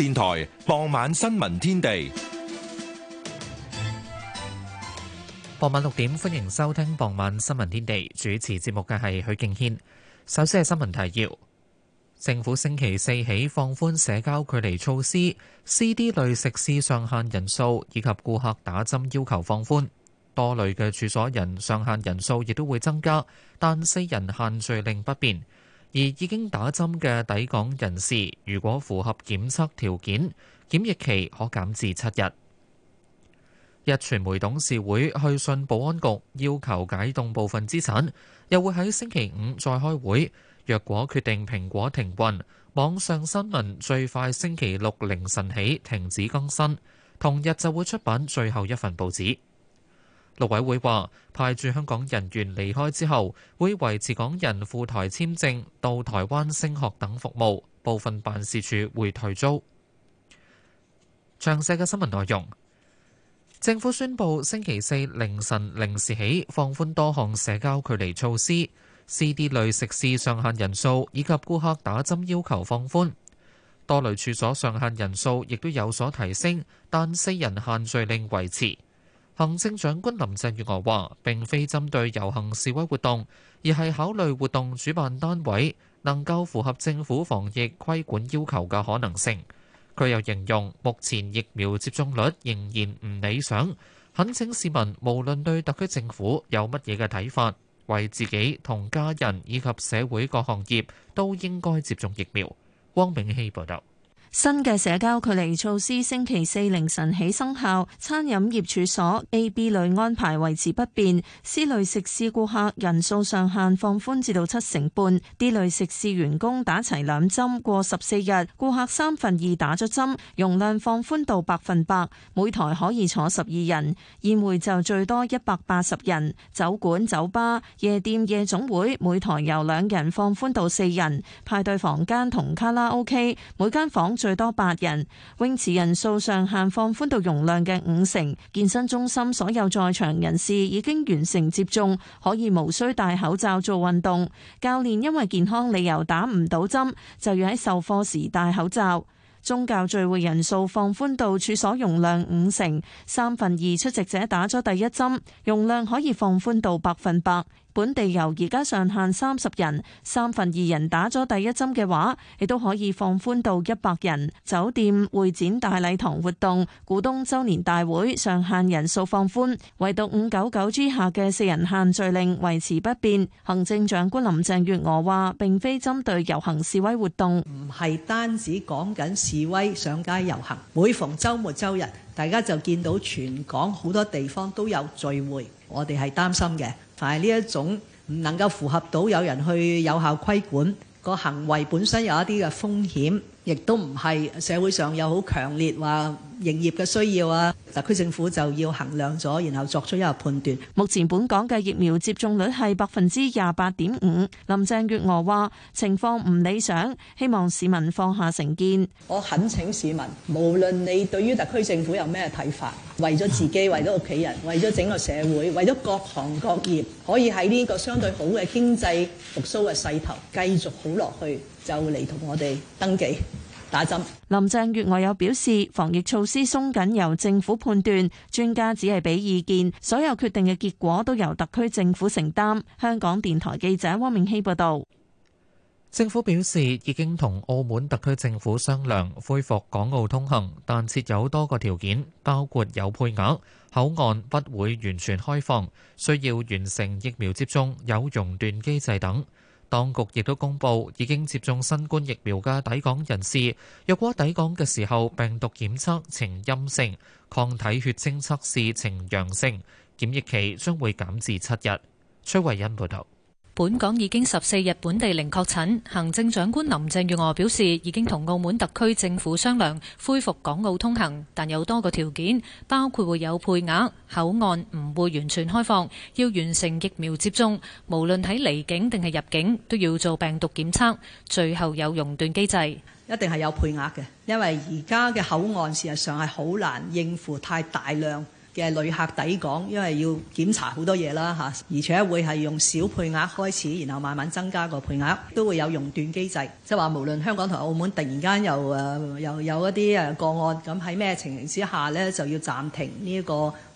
電台傍晚新聞天地，傍晚六點歡迎收聽傍晚新聞天地。主持節目嘅係許敬軒。首先係新聞提要：政府星期四起放寬社交距離措施，C D 類食肆上限人數以及顧客打針要求放寬，多類嘅住所人上限人數亦都會增加，但四人限聚令不變。而已經打針嘅抵港人士，如果符合檢測條件，檢疫期可減至七日。壹傳媒董事會去信保安局，要求解凍部分資產，又會喺星期五再開會。若果決定蘋果停運，網上新聞最快星期六凌晨起停止更新，同日就會出版最後一份報紙。陸委會話，派駐香港人員離開之後，會維持港人赴台簽證、到台灣升學等服務，部分辦事處會退租。詳細嘅新聞內容，政府宣布星期四凌晨零時起放寬多項社交距離措施，CD 類食肆上限人數以及顧客打針要求放寬，多類處所上限人數亦都有所提升，但四人限聚令維持。行政長官林鄭月娥話：並非針對遊行示威活動，而係考慮活動主辦單位能夠符合政府防疫規管要求嘅可能性。佢又形容目前疫苗接種率仍然唔理想，懇請市民無論對特區政府有乜嘢嘅睇法，為自己同家人以及社會各行業都應該接種疫苗。汪明熙報導。新嘅社交距離措施星期四凌晨起生效，餐飲業處所 A、B 類安排維持不變，C 類食肆顧客人數上限放寬至到七成半，D 類食肆員工打齊兩針過十四日，顧客三分二打咗針，容量放寬到百分百，每台可以坐十二人，宴會就最多一百八十人，酒館、酒吧、夜店、夜總會每台由兩人放寬到四人，派對房間同卡拉 OK 每間房。最多八人，泳池人數上限放寬到容量嘅五成，健身中心所有在場人士已經完成接種，可以無需戴口罩做運動。教練因為健康理由打唔到針，就要喺授課時戴口罩。宗教聚會人數放寬到處所容量五成，三分二出席者打咗第一針，容量可以放寬到百分百。本地遊而家上限三十人，三分二人打咗第一針嘅話，亦都可以放寬到一百人。酒店、會展、大禮堂活動、股東周年大會上限人數放寬，唯獨五九九之下嘅四人限聚令維持不變。行政長官林鄭月娥話並非針對遊行示威活動，唔係單止講緊示威上街遊行。每逢周末周日。大家就見到全港好多地方都有聚會，我哋係擔心嘅，但係呢一種唔能夠符合到有人去有效規管，個行為本身有一啲嘅風險。亦都唔係社會上有好強烈話營業嘅需要啊，特區政府就要衡量咗，然後作出一個判斷。目前本港嘅疫苗接種率係百分之廿八點五，林鄭月娥話情況唔理想，希望市民放下成見。我懇請市民，無論你對於特區政府有咩睇法，為咗自己，為咗屋企人，為咗整個社會，為咗各行各業，可以喺呢個相對好嘅經濟復甦嘅勢頭繼續好落去。又嚟同我哋登記打針。林鄭月娥有表示，防疫措施鬆緊由政府判斷，專家只係俾意見，所有決定嘅結果都由特區政府承擔。香港電台記者汪明熙報導。政府表示已經同澳門特區政府商量恢復港澳通行，但設有多個條件，包括有配額、口岸不會完全開放、需要完成疫苗接種、有熔斷機制等。當局亦都公布，已經接種新冠疫苗嘅抵港人士，若果抵港嘅時候病毒檢測呈陰性，抗體血清測試呈陽性，檢疫期將會減至七日。崔慧恩報導。本港已經十四日本地零確診，行政長官林鄭月娥表示已經同澳門特區政府商量恢復港澳通行，但有多個條件，包括會有配額、口岸唔會完全開放、要完成疫苗接種，無論喺離境定係入境都要做病毒檢測，最後有熔斷機制，一定係有配額嘅，因為而家嘅口岸事實上係好難應付太大量嘅旅客抵港，因為要檢查好多嘢啦嚇，而且會係用小配額開始，然後慢慢增加個配額，都會有熔斷機制，即係話無論香港同澳門突然間又誒又有一啲誒個案，咁喺咩情形之下咧就要暫停呢、這、一個。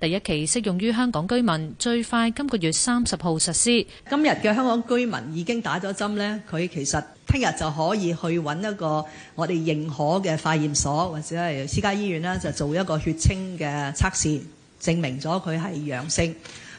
第一期適用於香港居民，最快今個月三十號實施。今日嘅香港居民已經打咗針咧，佢其實聽日就可以去揾一個我哋認可嘅化驗所或者係私家醫院啦，就做一個血清嘅測試，證明咗佢係陽性。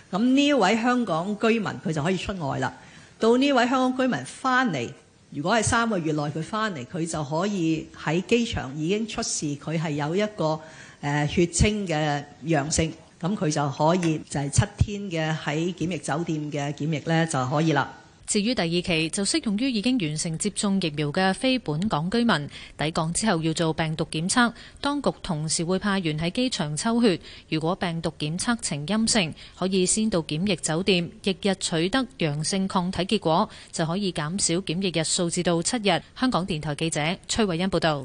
咁呢位香港居民佢就可以出外啦。到呢位香港居民翻嚟，如果係三個月內佢翻嚟，佢就可以喺機場已經出示佢係有一個誒血清嘅陽性。咁佢就可以就係七天嘅喺檢疫酒店嘅檢疫咧，就可以啦。至於第二期就適用於已經完成接種疫苗嘅非本港居民抵港之後，要做病毒檢測，當局同時會派員喺機場抽血。如果病毒檢測呈陰性，可以先到檢疫酒店，翌日取得陽性抗體結果就可以減少檢疫日數至到七日。香港電台記者崔慧欣報道。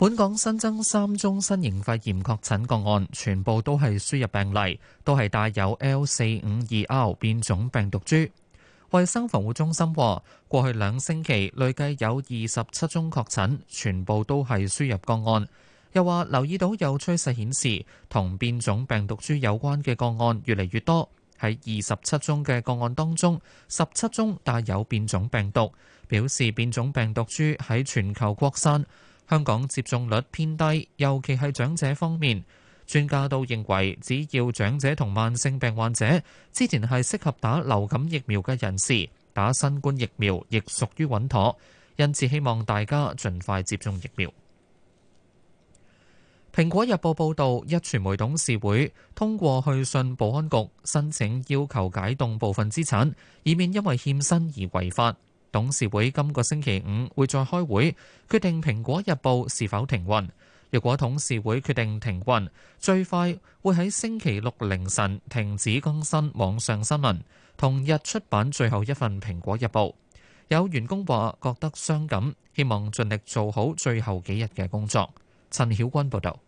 本港新增三宗新型肺炎確診個案，全部都係輸入病例，都係帶有 L 四五二 R 變種病毒株。衛生防護中心話，過去兩星期累計有二十七宗確診，全部都係輸入個案。又話留意到有趨勢顯示，同變種病毒株有關嘅個案越嚟越多。喺二十七宗嘅個案當中，十七宗帶有變種病毒，表示變種病毒株喺全球擴散。香港接種率偏低，尤其係長者方面。專家都認為，只要長者同慢性病患者之前係適合打流感疫苗嘅人士，打新冠疫苗亦屬於穩妥。因此，希望大家盡快接種疫苗。《蘋果日報》報導，壹傳媒董事會通過去信保安局，申請要求解凍部分資產，以免因為欠薪而違法。董事會今個星期五會再開會，決定《蘋果日報》是否停運。若果董事會決定停運，最快會喺星期六凌晨停止更新網上新聞，同日出版最後一份《蘋果日報》。有員工話覺得傷感，希望盡力做好最後幾日嘅工作。陳曉君報導。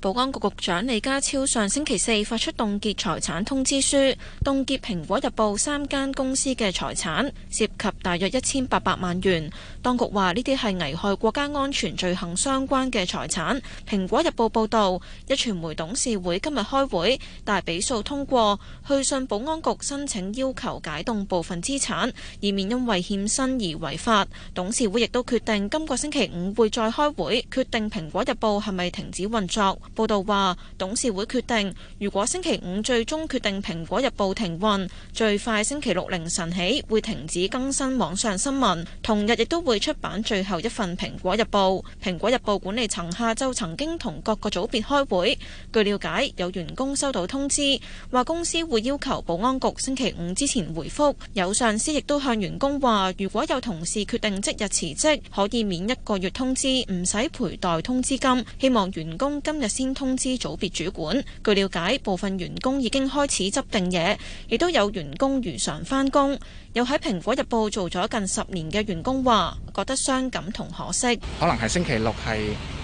保安局局長李家超上星期四發出凍結財產通知書，凍結《蘋果日報》三間公司嘅財產，涉及大約一千八百萬元。當局話呢啲係危害國家安全罪行相關嘅財產。蘋果日報報導，壹傳媒董事會今日開會，大比數通過去信保安局申請要求解凍部分資產，以免因為欠薪而違法。董事會亦都決定今個星期五會再開會決定蘋果日報係咪停止運作。報導話，董事會決定如果星期五最終決定蘋果日報停運，最快星期六凌晨起會停止更新網上新聞。同日亦都會出版最後一份《蘋果日報》。《蘋果日報》管理層下晝曾經同各個組別開會。據了解，有員工收到通知，話公司會要求保安局星期五之前回覆。有上司亦都向員工話，如果有同事決定即日辭職，可以免一個月通知，唔使賠代通知金。希望員工今日先通知組別主管。據了解，部分員工已經開始執定嘢，亦都有員工如常返工。有喺《蘋果日報》做咗近十年嘅員工話。覺得傷感同可惜，可能係星期六係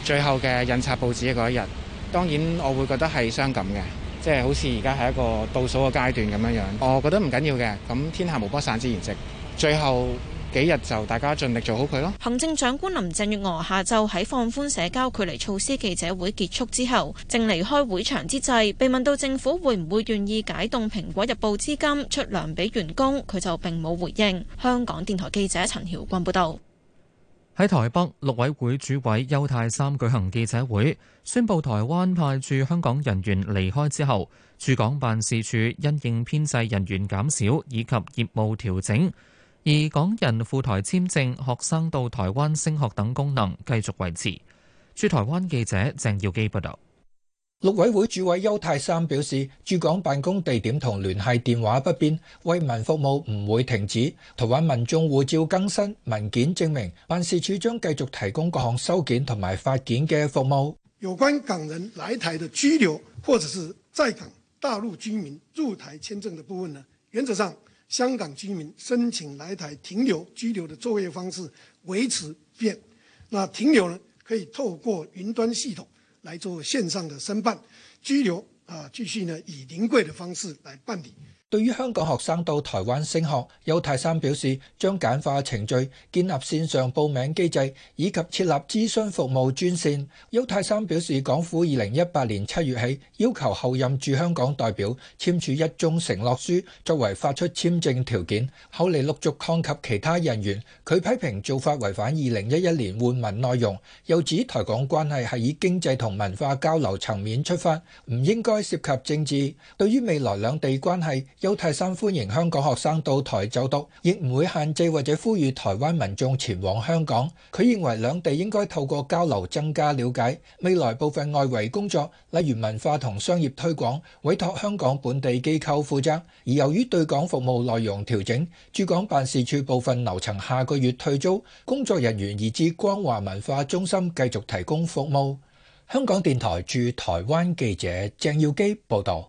最後嘅印刷報紙嘅嗰一日。當然，我會覺得係傷感嘅，即係好似而家係一個倒數嘅階段咁樣樣。我覺得唔緊要嘅，咁天下無不散之筵席，最後幾日就大家盡力做好佢咯。行政長官林鄭月娥下晝喺放寬社交距離措施記者會結束之後，正離開會場之際，被問到政府會唔會願意解凍《蘋果日報》資金出糧俾員工，佢就並冇回應。香港電台記者陳曉君報導。喺台北，陸委會主委邱太三舉行記者會，宣布台灣派駐香港人員離開之後，駐港辦事處因應編制人員減少以及業務調整，而港人赴台簽證、學生到台灣升學等功能繼續維持。駐台灣記者鄭耀基報道。陸委會主委邱泰三表示，駐港辦公地點同聯繫電話不變，為民服務唔會停止，台灣民眾護照更新文件證明，辦事處將繼續提供各項收件同埋發件嘅服務。有關港人來台的居留，或者是在港大陸居民入台簽證的部分呢，原則上，香港居民申請來台停留居留的作業方式維持不變。那停留呢，可以透過雲端系統。來做線上的申辦拘留啊，呃，繼續呢以臨櫃的方式來辦理。對於香港學生到台灣升學，邱太三表示將簡化程序，建立線上報名機制，以及設立諮詢服務專線。邱太三表示，港府二零一八年七月起要求後任駐香港代表簽署一宗承諾書作為發出簽證條件，後嚟陸續擴及其他人員。佢批評做法違反二零一一年換文內容，又指台港關係係以經濟同文化交流層面出發，唔應該涉及政治。對於未來兩地關係，邱泰山歡迎香港學生到台就讀，亦唔會限制或者呼籲台灣民眾前往香港。佢認為兩地應該透過交流增加了解。未來部分外圍工作，例如文化同商業推廣，委託香港本地機構負責。而由於對港服務內容調整，駐港辦事處部分樓層下個月退租，工作人員移至光華文化中心繼續提供服務。香港電台駐台灣記者鄭耀基報道。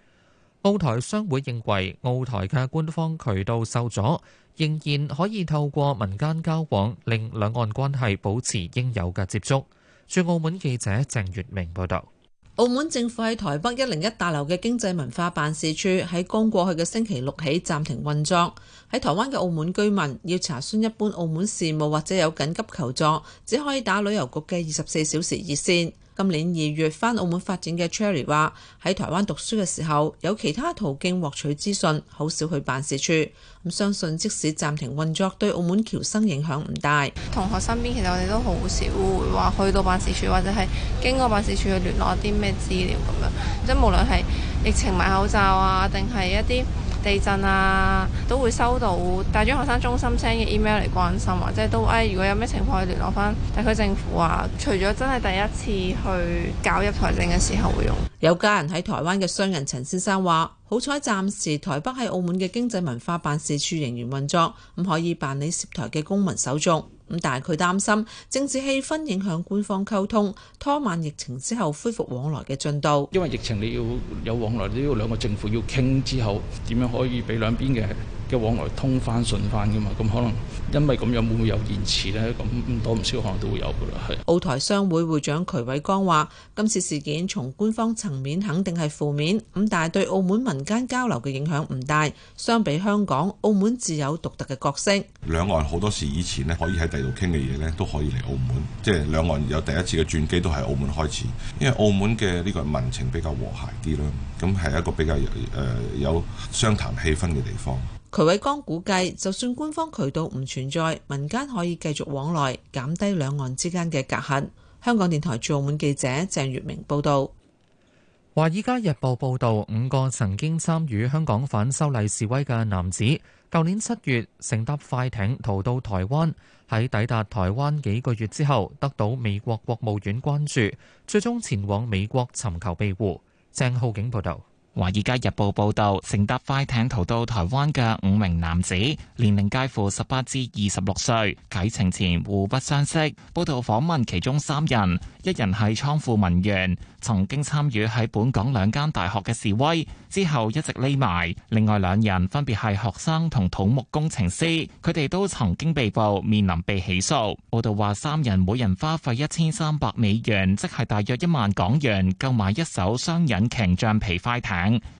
澳台商會認為澳台嘅官方渠道受阻，仍然可以透過民間交往，令兩岸關係保持應有嘅接觸。駐澳門記者鄭月明報道，澳門政府喺台北一零一大樓嘅經濟文化辦事處喺剛過去嘅星期六起暫停運作，喺台灣嘅澳門居民要查詢一般澳門事務或者有緊急求助，只可以打旅遊局嘅二十四小時熱線。今年二月返澳門發展嘅 Cherry 話喺台灣讀書嘅時候有其他途徑獲取資訊，好少去辦事處。咁相信即使暫停運作，對澳門僑生影響唔大。同學身邊其實我哋都好少會話去到辦事處或者係經過辦事處去聯絡啲咩資料咁樣，即係無論係疫情買口罩啊，定係一啲。地震啊，都會收到大專學生中心 send 嘅 email 嚟關心啊，即係都誒，如果有咩情況可以聯絡翻地區政府啊。除咗真係第一次去搞入台證嘅時候會用。有家人喺台灣嘅商人陳先生話：好彩暫時台北喺澳門嘅經濟文化辦事處仍然運作，唔可以辦理涉台嘅公民手續。咁但係佢擔心政治氣氛影響官方溝通，拖慢疫情之後恢復往來嘅進度。因為疫情你要有往來，都要兩個政府要傾之後，點樣可以畀兩邊嘅嘅往來通翻順翻㗎嘛，咁可能因為咁樣會唔會有延遲咧？咁唔多唔少可能都會有噶啦。係澳台商會會長徐偉光話，今次事件從官方層面肯定係負面咁，但係對澳門民間交流嘅影響唔大。相比香港，澳門自有獨特嘅角色。兩岸好多事以前咧可以喺第度傾嘅嘢咧，都可以嚟澳門，即係兩岸有第一次嘅轉機都係澳門開始，因為澳門嘅呢個民情比較和諧啲啦，咁係一個比較誒有，有商談氣氛嘅地方。徐偉光估計，就算官方渠道唔存在，民間可以繼續往來，減低兩岸之間嘅隔閡。香港電台駐澳門記者鄭月明報道。華爾街日報報道，五個曾經參與香港反修例示威嘅男子，舊年七月乘搭快艇逃到台灣，喺抵達台灣幾個月之後，得到美國國務院關注，最終前往美國尋求庇護。鄭浩景報道。華爾街日報報道，乘搭快艇逃到台灣嘅五名男子，年齡介乎十八至二十六歲，啟程前互不相識。報道訪問其中三人，一人係倉庫文員，曾經參與喺本港兩間大學嘅示威，之後一直匿埋。另外兩人分別係學生同土木工程師，佢哋都曾經被捕，面臨被起訴。報道話，三人每人花費一千三百美元，即係大約一萬港元，購買一艘雙引擎橡皮快艇。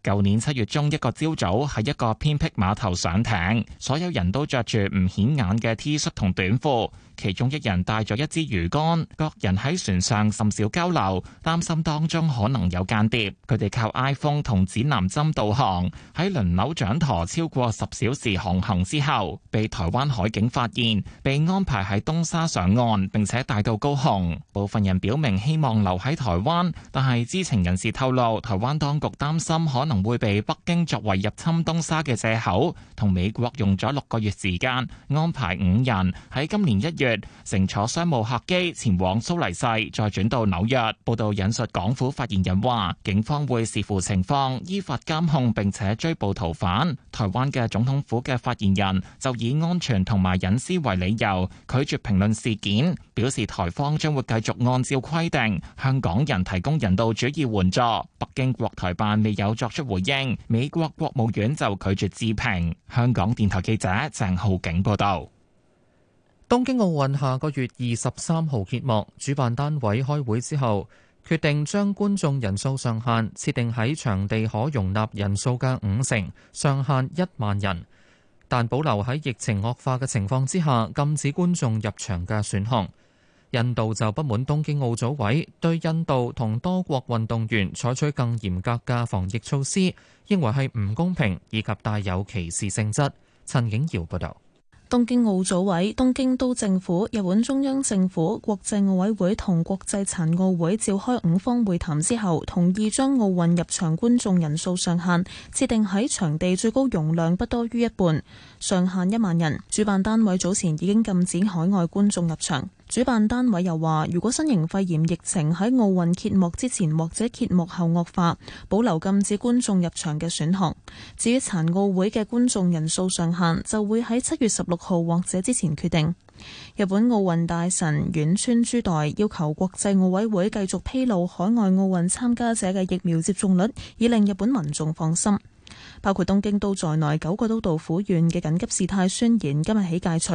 舊年七月中一個朝早，喺一個偏僻碼頭上艇，所有人都着住唔顯眼嘅 T 恤同短褲。其中一人帶咗一支魚竿，各人喺船上甚少交流，擔心當中可能有間諜，佢哋靠 iPhone 同指南針導航，喺輪流掌舵超過十小時航行之後，被台灣海警發現，被安排喺東沙上岸，並且帶到高雄，部分人表明希望留喺台灣，但係知情人士透露，台灣當局擔心可能會被北京作為入侵東沙嘅借口，同美國用咗六個月時間安排五人喺今年一月。月乘坐商務客機,前往蘇黎世，再轉到紐約。報道引述港府發言人話：警方會視乎情況，依法監控並且追捕逃犯。台灣嘅總統府嘅發言人就以安全同埋隱私為理由，拒絕評論事件，表示台方將會繼續按照規定向港人提供人道主義援助。北京國台辦未有作出回應，美國國務院就拒絕置評。香港電台記者鄭浩景報道。東京奧運下個月二十三號揭幕，主辦單位開會之後決定將觀眾人數上限設定喺場地可容納人數嘅五成，上限一萬人，但保留喺疫情惡化嘅情況之下禁止觀眾入場嘅選項。印度就不滿東京奧組委對印度同多國運動員採取更嚴格嘅防疫措施，認為係唔公平以及帶有歧視性質。陳景堯報道。東京奧組委、東京都政府、日本中央政府、國際奧委會同國際殘奧會召開五方會談之後，同意將奧運入場觀眾人數上限設定喺場地最高容量不多於一半，上限一萬人。主辦單位早前已經禁止海外觀眾入場。主辦單位又話，如果新型肺炎疫情喺奧運揭幕之前或者揭幕後惡化，保留禁止觀眾入場嘅選項。至於殘奧會嘅觀眾人數上限，就會喺七月十六號或者之前決定，日本奧運大臣遠川珠代要求國際奧委會繼續披露海外奧運參加者嘅疫苗接種率，以令日本民眾放心。包括東京都在內九個都道府縣嘅緊急事態宣言今日起解除。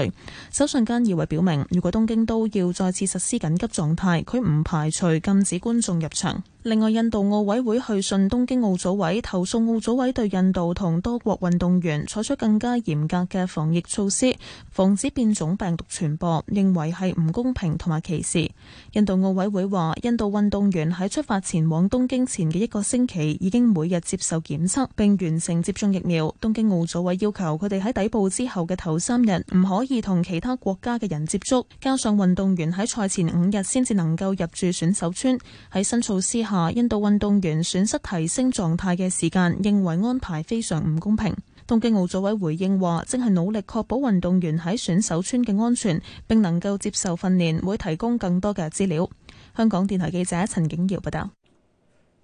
首相菅義偉表明，如果東京都要再次實施緊急狀態，佢唔排除禁止觀眾入場。另外，印度奧委會去信東京奧組委，投訴奧組委對印度同多國運動員採取更加嚴格嘅防疫措施，防止變種病毒傳播，認為係唔公平同埋歧視。印度奧委會話，印度運動員喺出發前往東京前嘅一個星期已經每日接受檢測並完成接種疫苗，東京奧組委要求佢哋喺抵埗之後嘅頭三日唔可以同其他國家嘅人接觸，加上運動員喺賽前五日先至能夠入住選手村。喺新措施下，印度運動員損失提升狀態嘅時間，認為安排非常唔公平。東京奧組委回應話，正係努力確保運動員喺選手村嘅安全，並能夠接受訓練，會提供更多嘅資料。香港電台記者陳景堯報道。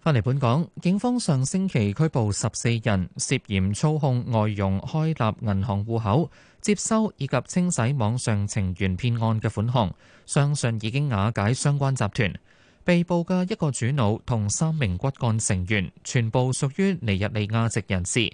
翻嚟本港，警方上星期拘捕十四人涉嫌操控外傭開立銀行戶口、接收以及清洗網上情緣騙案嘅款項，相信已經瓦解相關集團。被捕嘅一個主腦同三名骨幹成員，全部屬於尼日利亞籍人士。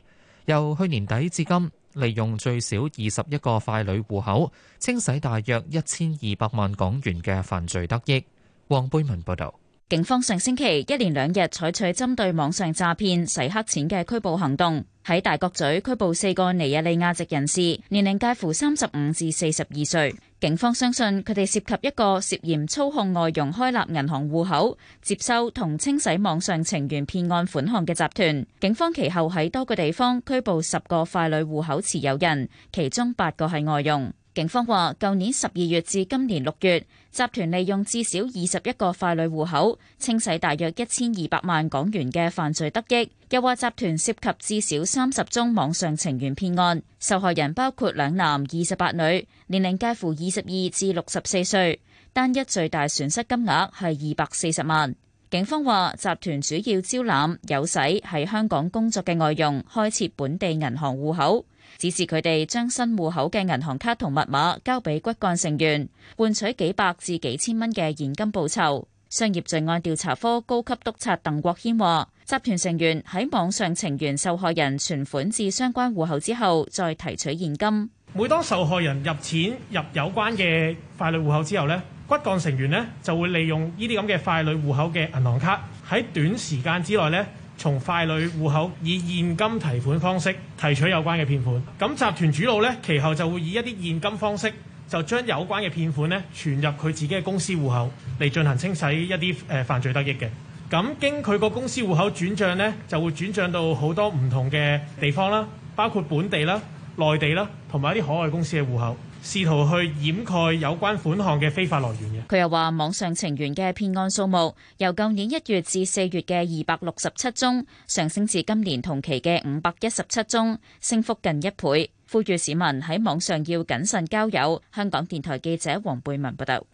由去年底至今，利用最少二十一個傀儡戶口，清洗大約一千二百萬港元嘅犯罪得益。黃貝文報道。警方上星期一連兩日採取針對網上詐騙洗黑錢嘅拘捕行動，喺大角咀拘捕四個尼日利亞籍人士，年齡介乎三十五至四十二歲。警方相信佢哋涉及一個涉嫌操控外傭開立銀行戶口、接收同清洗網上情緣騙案款項嘅集團。警方其後喺多個地方拘捕十個傀儡戶口持有人，其中八個係外傭。警方話：舊年十二月至今年六月，集團利用至少二十一個傀儡戶口，清洗大約一千二百萬港元嘅犯罪得益。又話集團涉及至少三十宗網上情緣騙案，受害人包括兩男二十八女，年齡介乎二十二至六十四歲，單一最大損失金額係二百四十萬。警方話，集團主要招攬有使喺香港工作嘅外傭，開設本地銀行戶口。指示佢哋將新戶口嘅銀行卡同密碼交俾骨幹成員，換取幾百至幾千蚊嘅現金報酬。商業罪案調查科高級督察鄧國軒話：集團成員喺網上情緣受害人存款至相關戶口之後，再提取現金。每當受害人入錢入有關嘅傀儡戶口之後呢，骨幹成員呢就會利用呢啲咁嘅傀儡戶口嘅銀行卡喺短時間之內呢。從傀儡戶口以現金提款方式提取有關嘅騙款，咁集團主腦咧其後就會以一啲現金方式就將有關嘅騙款咧存入佢自己嘅公司戶口嚟進行清洗一啲誒、呃、犯罪得益嘅，咁經佢個公司戶口轉賬咧就會轉賬到好多唔同嘅地方啦，包括本地啦、內地啦同埋一啲海外公司嘅戶口。試圖去掩蓋有關款項嘅非法來源。佢又話：網上情緣嘅騙案數目由舊年一月至四月嘅二百六十七宗，上升至今年同期嘅五百一十七宗，升幅近一倍。呼籲市民喺網上要謹慎交友。香港電台記者黃貝文報道。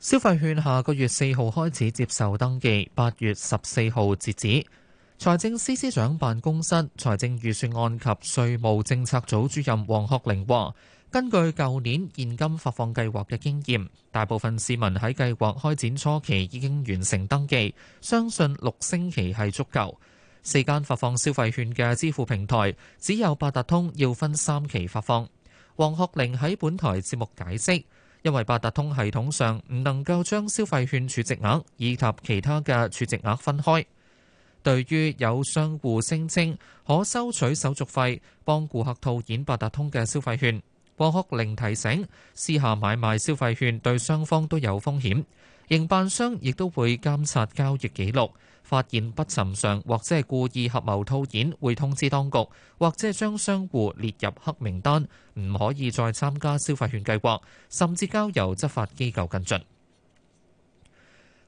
消費券下個月四號開始接受登記，八月十四號截止。財政司司長辦公室、財政預算案及稅務政策組主任黃學玲話。根據舊年現金發放計劃嘅經驗，大部分市民喺計劃開展初期已經完成登記，相信六星期係足夠。四間發放消費券嘅支付平台只有八達通要分三期發放。黃學玲喺本台節目解釋，因為八達通系統上唔能夠將消費券儲值額以及其他嘅儲值額分開。對於有商戶聲稱可收取手續費，幫顧客套現八達通嘅消費券。博克令提醒，私下買賣消費券對雙方都有風險，營辦商亦都會監察交易記錄，發現不尋常或者係故意合謀套現，會通知當局，或者係將商戶列入黑名單，唔可以再參加消費券計劃，甚至交由執法機構跟進。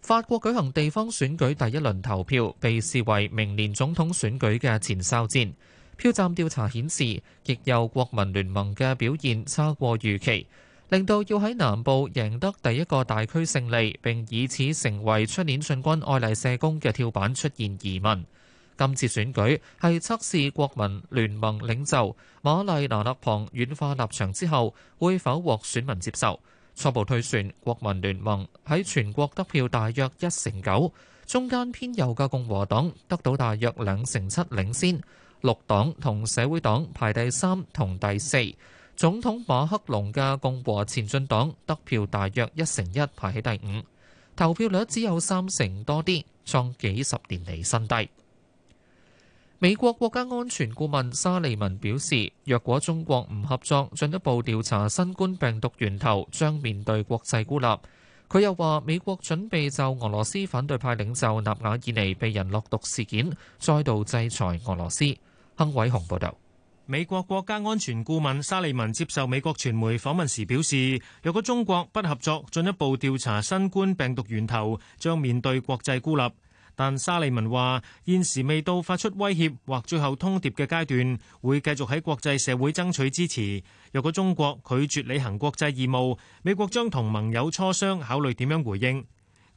法國舉行地方選舉第一輪投票，被視為明年總統選舉嘅前哨戰。票站調查顯示，亦有國民聯盟嘅表現差過預期，令到要喺南部贏得第一個大區勝利，並以此成為出年進軍愛麗舍宮嘅跳板，出現疑問。今次選舉係測試國民聯盟領袖瑪麗娜勒旁軟化立場之後，會否獲選民接受。初步推算，國民聯盟喺全國得票大約一成九，中間偏右嘅共和黨得到大約兩成七，領先。綠黨同社會黨排第三同第四，總統馬克龍嘅共和前進黨得票大約一成一，排喺第五，投票率只有三成多啲，創幾十年嚟新低。美國國家安全顧問沙利文表示，若果中國唔合作進一步調查新冠病毒源頭，將面對國際孤立。佢又話，美國準備就俄羅斯反對派領袖納瓦爾尼被人落毒事件，再度制裁俄羅斯。曾偉雄報道，美國國家安全顧問沙利文接受美國傳媒訪問時表示，若果中國不合作，進一步調查新冠病毒源頭，將面對國際孤立。但沙利文話，現時未到發出威脅或最後通牒嘅階段，會繼續喺國際社會爭取支持。若果中國拒絕履行國際義務，美國將同盟友磋商，考慮點樣回應。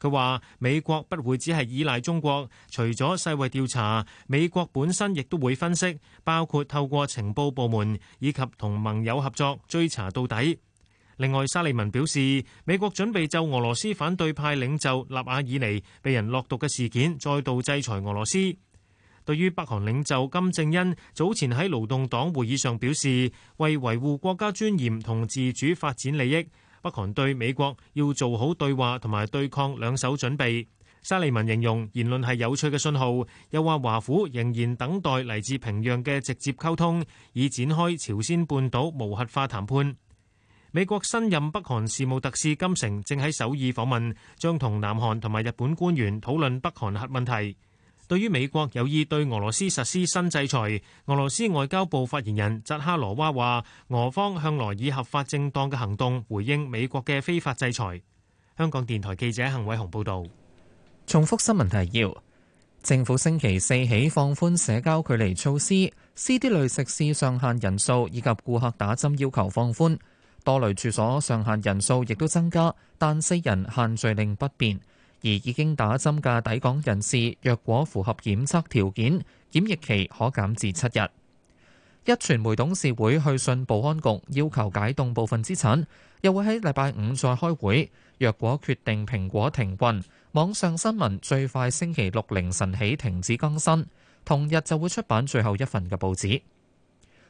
佢話：美國不會只係依賴中國，除咗世衞調查，美國本身亦都會分析，包括透過情報部門以及同盟友合作追查到底。另外，沙利文表示，美國準備就俄羅斯反對派領袖納瓦爾尼被人落毒嘅事件再度制裁俄羅斯。對於北韓領袖金正恩，早前喺勞動黨會議上表示，為維護國家尊嚴同自主發展利益。北韓對美國要做好對話同埋對抗兩手準備。沙利文形容言論係有趣嘅信號，又話華府仍然等待嚟自平壤嘅直接溝通，以展開朝鮮半島無核化談判。美國新任北韓事務特使金城正喺首爾訪問，將同南韓同埋日本官員討論北韓核問題。對於美國有意對俄羅斯實施新制裁，俄羅斯外交部發言人扎哈羅娃話：俄方向來以合法正當嘅行動回應美國嘅非法制裁。香港電台記者邢偉雄報道。重複新聞提要：政府星期四起放寬社交距離措施，C D 類食肆上限人數以及顧客打針要求放寬，多類住所上限人數亦都增加，但四人限聚令不變。而已經打針嘅抵港人士，若果符合檢測條件，檢疫期可減至七日。壹傳媒董事會去信保安局，要求解凍部分資產，又會喺禮拜五再開會。若果決定蘋果停運，網上新聞最快星期六凌晨起停止更新，同日就會出版最後一份嘅報紙。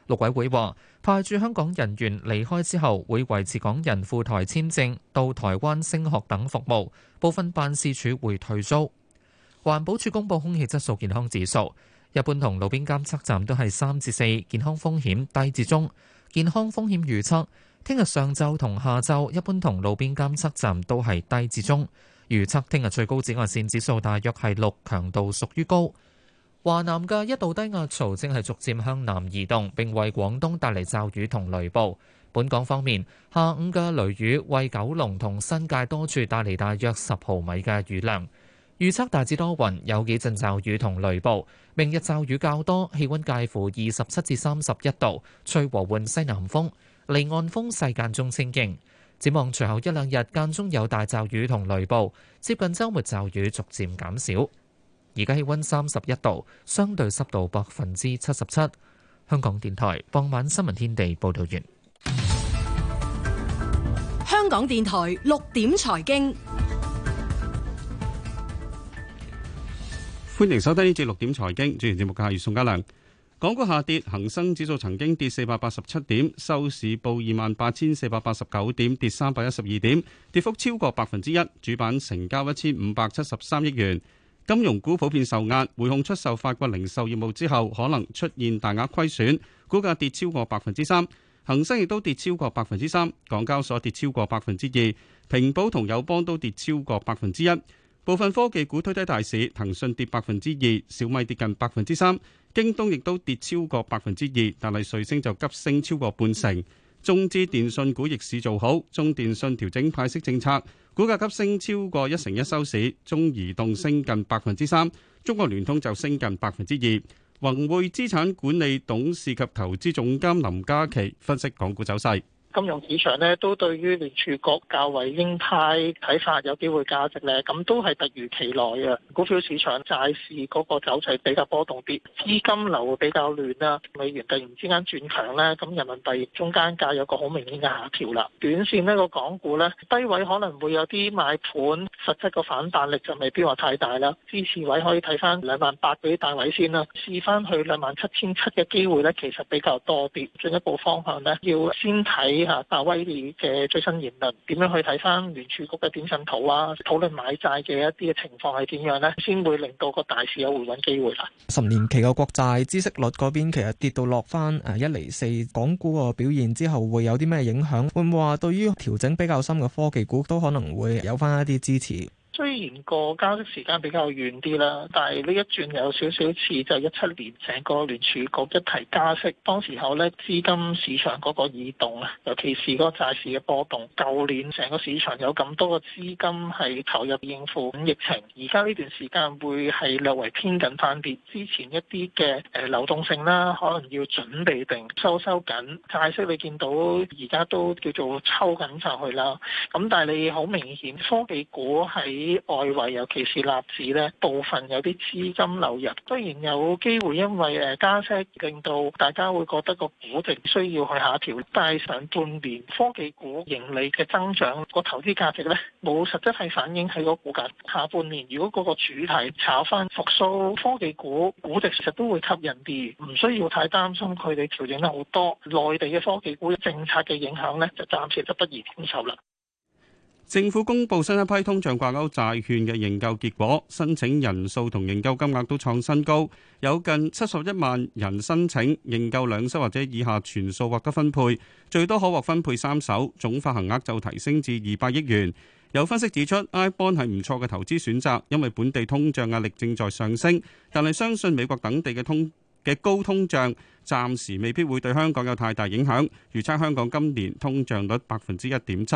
陸委會話，派駐香港人員離開之後，會維持港人赴台簽證、到台灣升學等服務。部分辦事處會退租。環保署公布空氣質素健康指數，一般同路邊監測站都係三至四，健康風險低至中。健康風險預測，聽日上晝同下晝一般同路邊監測站都係低至中。預測聽日最高紫外線指數大約係六，強度屬於高。華南嘅一道低壓槽正係逐漸向南移動，並為廣東帶嚟驟雨同雷暴。本港方面，下午嘅雷雨為九龍同新界多處帶嚟大約十毫米嘅雨量。預測大致多雲，有幾陣驟雨同雷暴。明日驟雨較多，氣溫介乎二十七至三十一度，吹和緩西南風，離岸風勢間中清勁。展望隨後一兩日間中有大驟雨同雷暴，接近周末驟雨逐漸減少。而家氣溫三十一度，相對濕度百分之七十七。香港電台傍晚新聞天地報道完。香港電台六點財經，歡迎收聽呢節六點財經。主持節目嘅係宋家良。港股下跌，恒生指數曾經跌四百八十七點，收市報二萬八千四百八十九點，跌三百一十二點，跌幅超過百分之一。主板成交一千五百七十三億元。金融股普遍受壓，匯控出售法國零售業務之後可能出現大額虧損，股價跌超過百分之三。恒生亦都跌超過百分之三，港交所跌超過百分之二，平保同友邦都跌超過百分之一。部分科技股推低大市，騰訊跌百分之二，小米跌近百分之三，京東亦都跌超過百分之二，但係瑞聲就急升超過半成。中資電信股逆市做好，中電信調整派息政策，股價急升超過一成一收市。中移動升近百分之三，中國聯通就升近百分之二。宏匯資產管理董事及投資總監林嘉琪分析港股走勢。金融市場咧都對於聯儲國較為鷹派睇法有機會價值咧，咁都係突如其來嘅。股票市場債市嗰個走勢比較波動啲，資金流比較亂啦。美元突然之間轉強咧，咁人民幣中間價有個好明顯嘅下調啦。短線呢個港股咧低位可能會有啲買盤，實際個反彈力就未必話太大啦。支持位可以睇翻兩萬八幾大位先啦，試翻去兩萬七千七嘅機會咧，其實比較多啲。進一步方向咧，要先睇。啊，戴威利嘅最新言論，點樣去睇翻聯儲局嘅點陣圖啊？討論買債嘅一啲嘅情況係點樣咧？先會令到個大市有回穩機會啦。十年期嘅國債孳息率嗰邊其實跌到落翻誒一釐四，港股個表現之後會有啲咩影響？會唔會話對於調整比較深嘅科技股都可能會有翻一啲支持？雖然個加息時間比較遠啲啦，但係呢一轉有少少似就係一七年成個聯儲局一提加息，當時候呢資金市場嗰個移動啊，尤其是個債市嘅波動。舊年成個市場有咁多個資金係投入應付咁疫情，而家呢段時間會係略為偏緊翻啲。之前一啲嘅誒流動性啦，可能要準備定收收緊。債息你見到而家都叫做抽緊上去啦。咁但係你好明顯科技股係。啲外圍尤其是納指咧部分有啲資金流入，雖然有機會因為誒、呃、加息令到大家會覺得個估值需要去下調，但係上半年科技股盈利嘅增長，個投資價值咧，冇實質係反映喺個股價。下半年如果嗰個主題炒翻復蘇科技股，估值實都會吸引啲，唔需要太擔心佢哋調整得好多。內地嘅科技股政策嘅影響咧，就暫時就不宜偏受啦。政府公布新一批通脹掛鈎債券嘅認購結果，申請人數同認購金額都創新高，有近七十一萬人申請認購兩手或者以下，全數獲得分配，最多可獲分配三手，總發行額就提升至二百億元。有分析指出，iBond 係唔錯嘅投資選擇，因為本地通脹壓力正在上升，但係相信美國等地嘅通嘅高通脹暫時未必會對香港有太大影響。預測香港今年通脹率百分之一點七。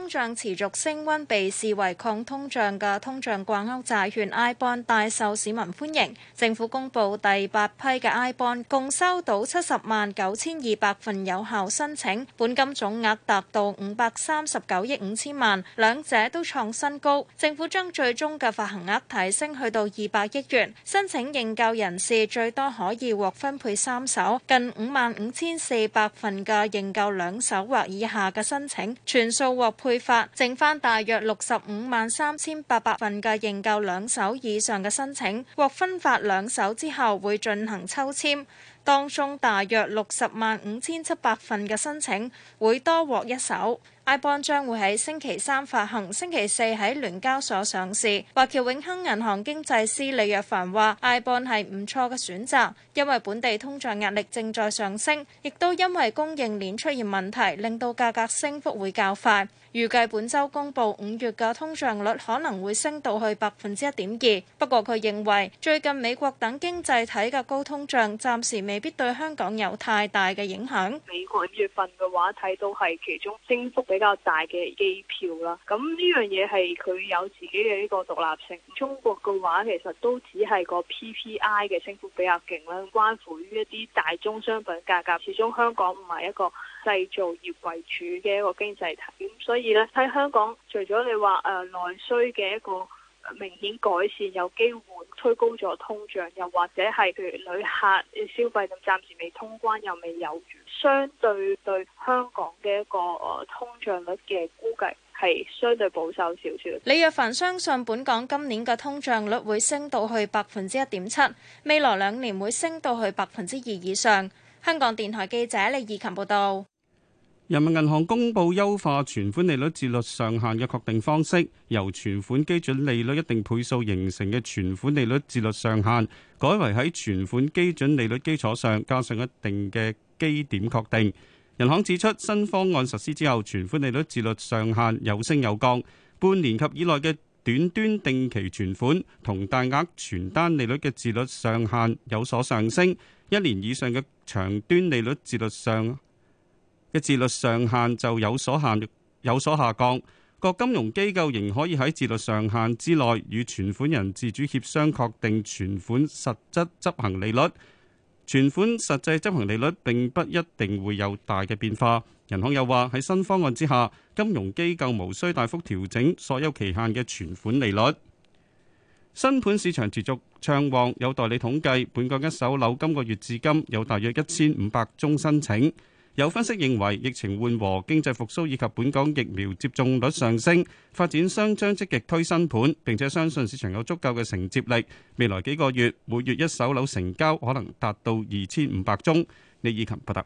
通脹持續升温，被視為抗通脹嘅通脹掛鈎債券 I bond 大受市民歡迎。政府公布第八批嘅 I bond，共收到七十萬九千二百份有效申請，本金總額達到五百三十九億五千萬，兩者都創新高。政府將最終嘅發行額提升去到二百億元，申請認購人士最多可以獲分配三手，近五萬五千四百份嘅認購兩手或以下嘅申請，全數獲配。發剩翻大約六十五萬三千八百份嘅認購兩手以上嘅申請獲分發兩手之後會進行抽簽，當中大約六十萬五千七百份嘅申請會多獲一手。iBond 將會喺星期三發行，星期四喺聯交所上市。華僑永亨銀行經濟師李若凡話：iBond 係唔錯嘅選擇，因為本地通脹壓力正在上升，亦都因為供應鏈出現問題，令到價格升幅會較快。預計本週公布五月嘅通脹率可能會升到去百分之一點二，不過佢認為最近美國等經濟體嘅高通脹暫時未必對香港有太大嘅影響。美國五月份嘅話，睇到係其中升幅比較大嘅機票啦。咁呢樣嘢係佢有自己嘅呢個獨立性。中國嘅話，其實都只係個 PPI 嘅升幅比較勁啦，關乎於一啲大宗商品價格。始終香港唔係一個製造業為主嘅一個經濟體，咁所以咧，喺香港，除咗你話誒內需嘅一個明顯改善有機會推高咗通脹，又或者係譬如旅客嘅消費暫時未通關又未有相對對香港嘅一個、呃、通脹率嘅估計係相對保守少少。李若凡相信本港今年嘅通脹率會升到去百分之一點七，未來兩年會升到去百分之二以上。香港電台記者李義琴報道。人民銀行公布優化存款利率自律上限嘅確定方式，由存款基準利率一定倍數形成嘅存款利率自律上限，改為喺存款基準利率基礎上加上一定嘅基點確定。人行指出，新方案實施之後存款利率自律上限有升有降，半年及以內嘅短端定期存款同大額存單利率嘅自律上限有所上升，一年以上嘅長端利率自律上。嘅自律上限就有所限有所下降，各金融機構仍可以喺自律上限之內與存款人自主協商確定存款實質執行利率。存款實際執行利率並不一定會有大嘅變化。銀行又話喺新方案之下，金融機構無需大幅調整所有期限嘅存款利率。新盤市場持續暢旺，有代理統計，本港一手樓今個月至今有大約一千五百宗申請。有分析認為，疫情緩和、經濟復甦以及本港疫苗接種率上升，發展商將積極推新盤，並且相信市場有足夠嘅承接力。未來幾個月，每月一手樓成交可能達到二千五百宗。李以琴報道。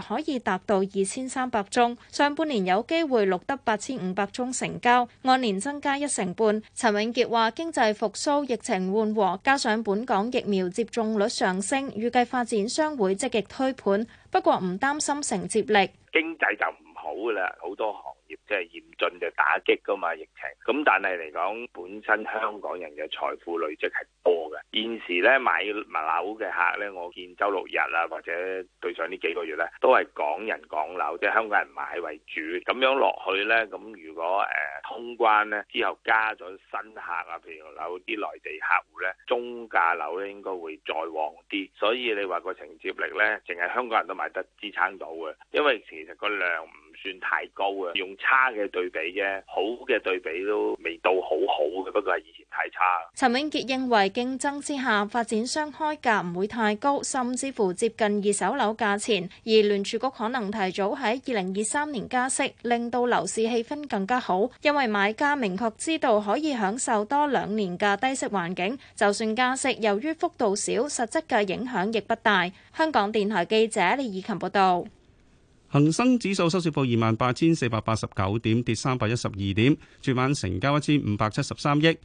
可以達到二千三百宗，上半年有機會錄得八千五百宗成交，按年增加一成半。陳永傑話：經濟復甦、疫情緩和，加上本港疫苗接種率上升，預計發展商會積極推盤，不過唔擔心承接力。經濟就唔好啦，好多行。即係嚴峻嘅打擊噶嘛疫情，咁但係嚟講，本身香港人嘅財富累積係多嘅。現時咧買物樓嘅客咧，我見周六日啊，或者對上呢幾個月咧，都係港人港樓，即係香港人買為主。咁樣落去咧，咁如果誒通關咧之後加咗新客啊，譬如樓啲內地客戶咧，中價樓咧應該會再旺啲。所以你話個承接力咧，淨係香港人都買得支撐到嘅，因為其實個量。算太高啊，用差嘅對比啫，好嘅對比都未到好好嘅，不過係以前太差。陳永傑認為競爭之下，發展商開價唔會太高，甚至乎接近二手樓價錢，而聯儲局可能提早喺二零二三年加息，令到樓市氣氛更加好，因為買家明確知道可以享受多兩年嘅低息環境。就算加息，由於幅度少，實質嘅影響亦不大。香港電台記者李以琴報道。恒生指數收市報二萬八千四百八十九點，跌三百一十二點。昨晚成交一千五百七十三億。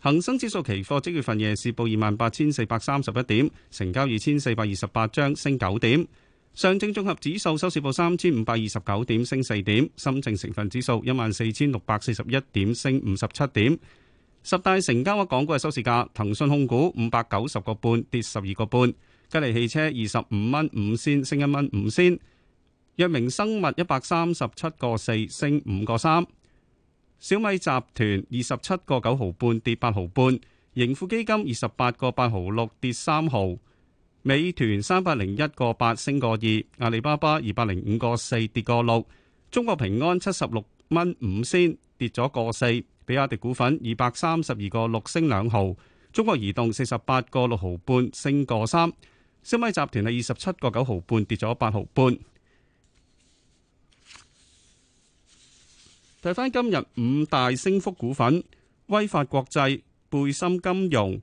恒生指數期貨即月份夜市報二萬八千四百三十一點，成交二千四百二十八張，升九點。上證綜合指數收市報三千五百二十九點，升四點。深證成分指數一萬四千六百四十一點，升五十七點。十大成交嘅港股嘅收市價：騰訊控股五百九十個半，跌十二個半；吉利汽車二十五蚊五仙，升一蚊五仙。藥明生物一百三十七個四升五個三，小米集團二十七個九毫半跌八毫半，盈富基金二十八個八毫六跌三毫，美團三百零一個八升個二，阿里巴巴二百零五個四跌個六，中國平安七十六蚊五仙跌咗個四，比亞迪股份二百三十二個六升兩毫，中國移動四十八個六毫半升個三，小米集團係二十七個九毫半跌咗八毫半。睇翻今日五大升幅股份：威發國際、貝森金融、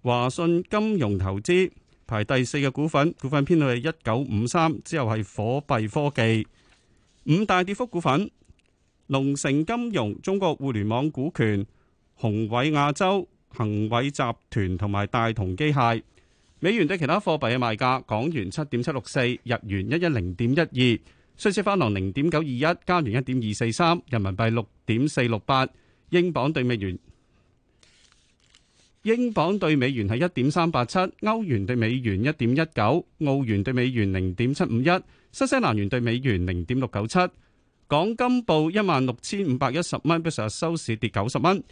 華信金融投資，排第四嘅股份，股份編號係一九五三。之後係火幣科技。五大跌幅股份：龍城金融、中國互聯網股權、宏偉亞洲、恆偉集團同埋大同機械。美元對其他貨幣嘅賣價：港元七點七六四，日元一一零點一二。瑞士法郎零點九二一，21，加元一點二四三，人民幣六點四六八，英鎊兌美元，英鎊兌美元係一點三八七，歐元兌美元一點一九，澳元兌美元零點七五一，新西蘭元兌美元零點六九七。港金報一萬六千五百一十蚊，不實收市跌九十蚊。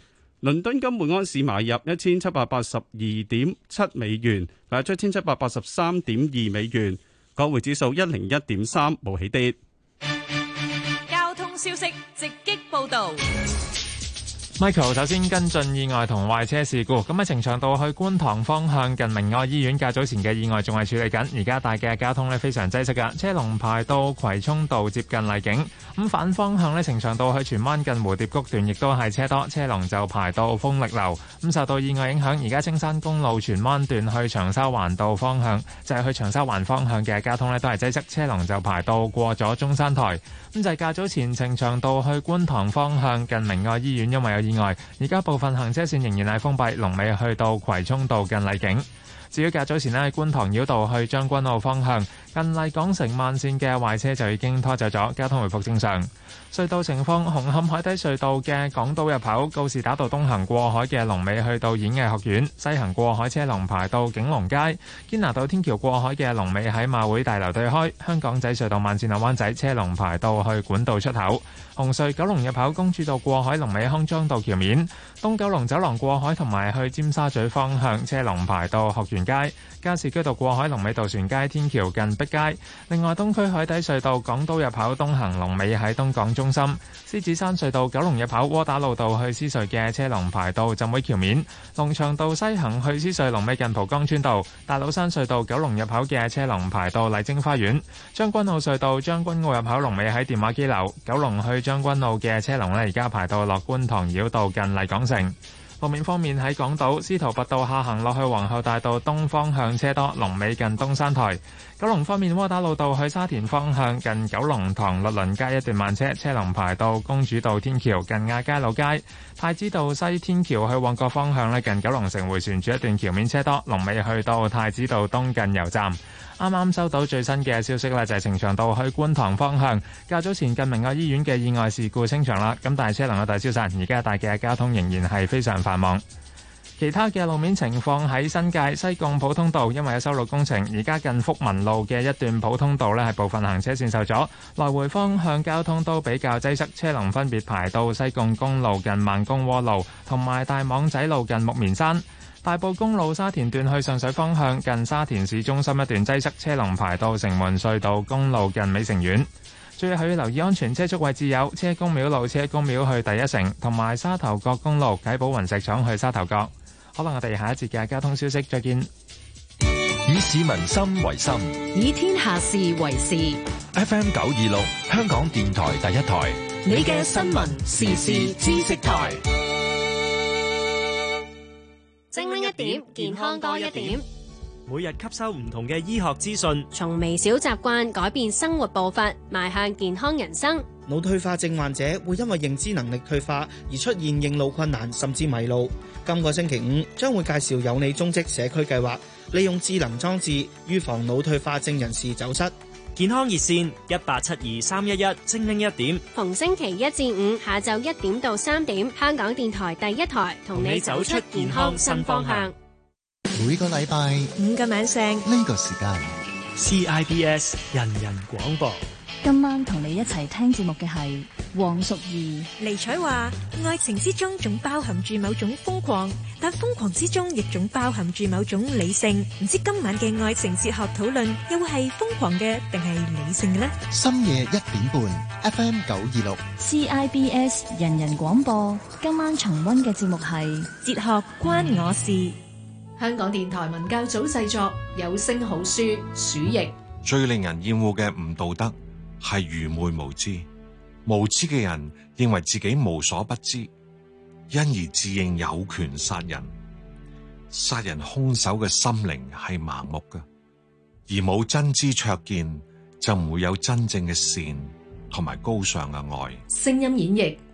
倫敦金每安士買入一千七百八十二點七美元，賣出一千七百八十三點二美元。港匯指數一零一點三，冇起跌。交通消息，直擊報道。Michael 首先跟進意外同壞車事故。咁喺呈祥道去觀塘方向近明愛醫院，較早前嘅意外仲係處理緊，而家大嘅交通咧非常擠塞嘅，車龍排到葵涌道接近荔景。咁反方向呢呈祥道去荃灣近蝴蝶谷段，亦都係車多，車龍就排到豐力樓。咁受到意外影響，而家青山公路荃灣段去長沙灣道方向，就係、是、去長沙灣方向嘅交通咧都係擠塞，車龍就排到過咗中山台。咁就係較早前呈祥道去觀塘方向近明愛醫院，因為有意外，而家部分行車線仍然係封閉，龍尾去到葵涌道近麗景。至於較早前呢，觀塘繞道去將軍澳方向。近麗港城慢線嘅壞車就已經拖走咗，交通回復正常。隧道情況：紅磡海底隧道嘅港島入口告士打道東行過海嘅龍尾去到演藝學院，西行過海車龍排到景隆街。堅拿道天橋過海嘅龍尾喺馬會大樓對開。香港仔隧道慢線南灣仔車龍排到去管道出口。紅隧九龍入口公主道過海龍尾康莊道橋面，東九龍走廊過海同埋去尖沙咀方向車龍排到學園街。加士居道過海龍尾渡船街天橋近碧街，另外東區海底隧道港島入口東行龍尾喺東港中心，獅子山隧道九龍入口窩打路道去獅隧嘅車龍排到浸會橋面，龍翔道西行去獅隧龍尾近蒲崗村道，大老山隧道九龍入口嘅車龍排到麗晶花園，將軍澳隧道將軍澳入口龍尾喺電話機樓，九龍去將軍澳嘅車龍呢，而家排到落觀塘繞道近麗港城。路面方面喺港島，司徒拔道下行落去皇后大道東方向車多，龍尾近東山台。九龍方面，窩打老道去沙田方向近九龍塘律倫街一段慢車，車龍排到公主道天橋近亞皆老街。太子道西天橋去旺角方向咧，近九龍城回旋處一段橋面車多，龍尾去到太子道東近油站。啱啱收到最新嘅消息咧，就係呈祥道去觀塘方向，較早前近明愛醫院嘅意外事故清場啦，咁但係車龍夠大消散，而家大嘅交通仍然係非常繁忙。其他嘅路面情況，喺新界西貢普通道，因為有修路工程，而家近福民路嘅一段普通道呢，係部分行車線受阻，來回方向交通都比較擠塞，車龍分別排到西貢公路近孟公窩路，同埋大網仔路近木棉山。大埔公路沙田段去上水方向，近沙田市中心一段擠塞，車龍排到城門隧道公路近美城苑。最後要留意安全車速位置有車公廟路、車公廟去第一城，同埋沙頭角公路解寶雲石廠去沙頭角。可能我哋下一節嘅交通消息再見。以市民心為心，以天下事為事。F M 九二六，香港電台第一台，你嘅新聞時事知識台。精明一點，健康多一點。每日吸收唔同嘅醫學資訊，從微小習慣改變生活步伐，邁向健康人生。腦退化症患者會因為認知能力退化而出現認路困難，甚至迷路。今個星期五將會介紹有你中職社區計劃，利用智能裝置預防腦退化症人士走失。健康熱線一八七二三一一，11，精靈一點。逢星期一至五下晝一點到三點，香港電台第一台同你走出健康新方向。每個禮拜五個晚上呢個時間，CIBS 人人廣播。今晚同你一齊聽節目嘅係。黃淑儀尼采話：愛情之中總包含住某種瘋狂，但瘋狂之中亦總包含住某種理性。唔知今晚嘅愛情哲學討論又會係瘋狂嘅定係理性嘅呢？深夜一點半，FM 九二六，CIBS 人人廣播。今晚重溫嘅節目係《哲學關我事》，香港電台文教組製作，有聲好書《鼠疫》。最令人厭惡嘅唔道德係愚昧無知。無知嘅人認為自己無所不知，因而自認有權殺人。殺人兇手嘅心靈係盲目嘅，而冇真知灼見，就唔會有真正嘅善同埋高尚嘅愛。聲音演繹。